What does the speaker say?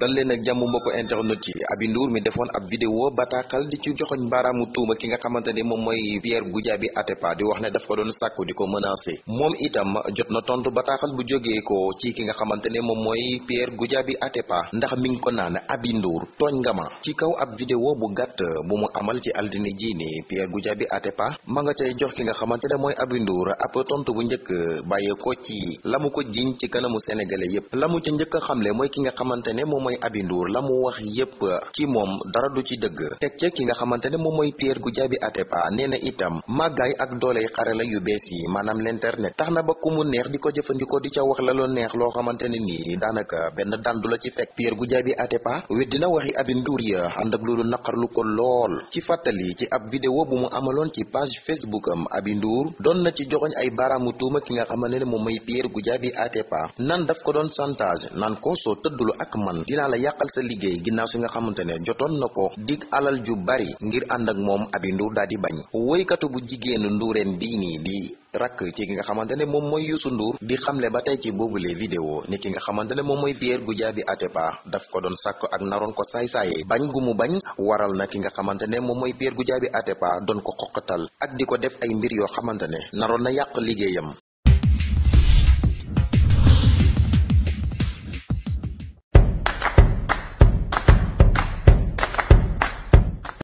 dal leen ak jàmm mbokk internet yi Aby Ndour mi defoon ab vidéo bataaxal di ci joxoñ baaraamu tuuma ki nga xamante ni moom mooy Pierre Goudiaby Atepa di wax ne daf ko doon sàkku di ko menacer moom itam jot na tontu bataaxal bu jógee ko ci ki nga xamante ne moom mooy Pierre Goudiaby Atepa ndax mi ngi ko naan Aby Ndour tooñ nga ma ci kaw ab vidéo bu gàtt bu mu amal ci altine jii ni Pierre Goudiaby Atepa ma nga cay jox ki nga xamante ne mooy Aby Ndour ab tontu bu njëkk bàyyee ko ci la mu ko jiñ ci kanamu sénégalais yépp la mu ca njëkk a xamle mooy ki nga xamante ne moom mooy Aby Ndour la mu wax yépp ci moom dara du ci dëgg teg ce ki nga xamante ne moom mooy Pierre Goudiaby Atepa nee na itam màggaay ak dooley xarala yu bees yi maanaam l'internet tax na ba mu neex di ko jëfandikoo di ca wax la loo neex loo xamante ne nii daanaka benn dandu la ci fekk Pierre Goudiaby Atepa weddi na waxi Aby Ndour ya ànd ak loolu naqarlu ko lool ci fàttali ci ab vidéo bu mu amaloon ci page Facebook am Aby doon na ci joxoñ ay baaraamu tuuma ki nga xamante ne moom mooy Pierre Goudiaby Atepa nan daf ko doon chantage nan ko soo tëddulu ak man dinaa la yàqal sa liggéey ginnaaw si nga xamante ne jotoon na ko dig alal ju bari ngir ànd ak moom abi Ndour daal di bañ woykatu bu jigéenu Ndourène Diine di rakk ki nga xamante ne moom mooy Youssou Ndour di xamle ba tey ci boobule vidéo ni ki nga xamante ne moom mooy Pierre Goudiaby Atépa daf ko doon sàkk ak naroon ko saay-saaye bañ gu mu bañ waral na ki nga xamante ne moom mooy Pierre Goudiaby Atépa doon ko xoqatal ak di ko def ay mbir yoo xamante ne naroon na yàq liggéeyam